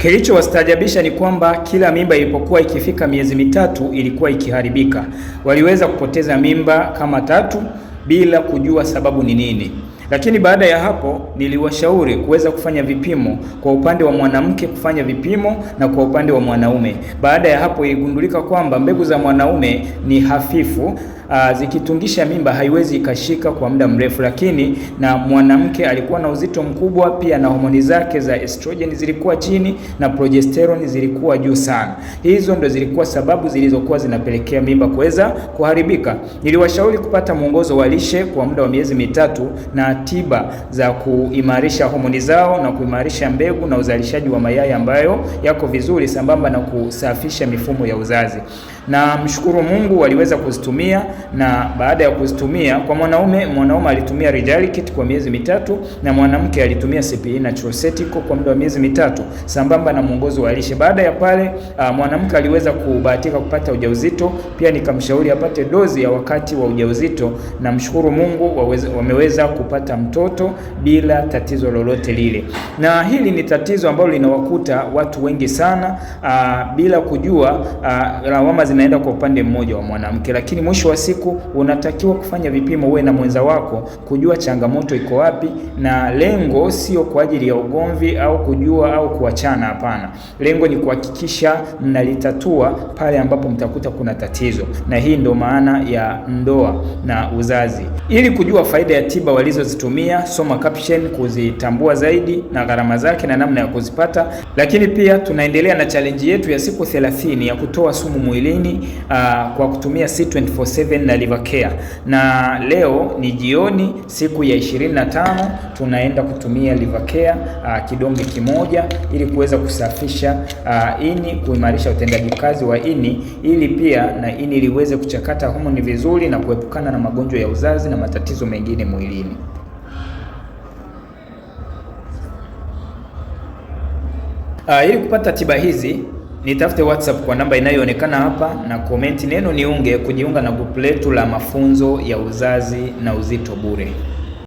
Kilichowastaajabisha ni kwamba kila mimba ilipokuwa ikifika miezi mitatu ilikuwa ikiharibika. Waliweza kupoteza mimba kama tatu bila kujua sababu ni nini. Lakini baada ya hapo niliwashauri kuweza kufanya vipimo, kwa upande wa mwanamke kufanya vipimo na kwa upande wa mwanaume. Baada ya hapo iligundulika kwamba mbegu za mwanaume ni hafifu uh, zikitungisha mimba haiwezi ikashika kwa muda mrefu, lakini na mwanamke alikuwa na uzito mkubwa pia na homoni zake za estrogen zilikuwa chini na progesterone zilikuwa juu sana. Hizo ndo zilikuwa sababu zilizokuwa zinapelekea mimba kuweza kuharibika. Niliwashauri kupata mwongozo wa lishe kwa muda wa miezi mitatu na tiba za kuimarisha homoni zao na kuimarisha mbegu na uzalishaji wa mayai ambayo yako vizuri sambamba na kusafisha mifumo ya uzazi na mshukuru Mungu waliweza kuzitumia, na baada ya kuzitumia kwa mwanaume, mwanaume alitumia Rijali Kit kwa miezi mitatu na mwanamke alitumia CPE na Ceutical kwa muda wa miezi mitatu sambamba na mwongozo wa lishe. Baada ya pale, ah, mwanamke aliweza kubahatika kupata ujauzito, pia nikamshauri apate dozi ya wakati wa ujauzito, na mshukuru Mungu waweza, wameweza kupata mtoto bila tatizo lolote lile, na hili ni tatizo ambalo linawakuta watu wengi sana aa, ah, bila kujua ah, lawama zina unaenda kwa upande mmoja wa mwanamke, lakini mwisho wa siku unatakiwa kufanya vipimo, uwe na mwenza wako, kujua changamoto iko wapi, na lengo sio kwa ajili ya ugomvi au kujua au kuachana. Hapana, lengo ni kuhakikisha mnalitatua pale ambapo mtakuta kuna tatizo, na hii ndo maana ya ndoa na uzazi. Ili kujua faida ya tiba walizozitumia, soma caption kuzitambua zaidi na gharama zake na namna ya kuzipata. Lakini pia tunaendelea na challenge yetu ya siku 30 ya kutoa sumu mwilini mjini uh, kwa kutumia C247 na Livercare, na leo ni jioni, siku ya 25 tunaenda kutumia Livercare uh, kidonge kimoja ili kuweza kusafisha uh, ini, kuimarisha utendaji kazi wa ini, ili pia na ini liweze kuchakata homoni vizuri na kuepukana na magonjwa ya uzazi na matatizo mengine mwilini. Uh, ili kupata tiba hizi nitafute WhatsApp kwa namba inayoonekana hapa na komenti neno niunge kujiunga na grupu letu la mafunzo ya uzazi na uzito bure.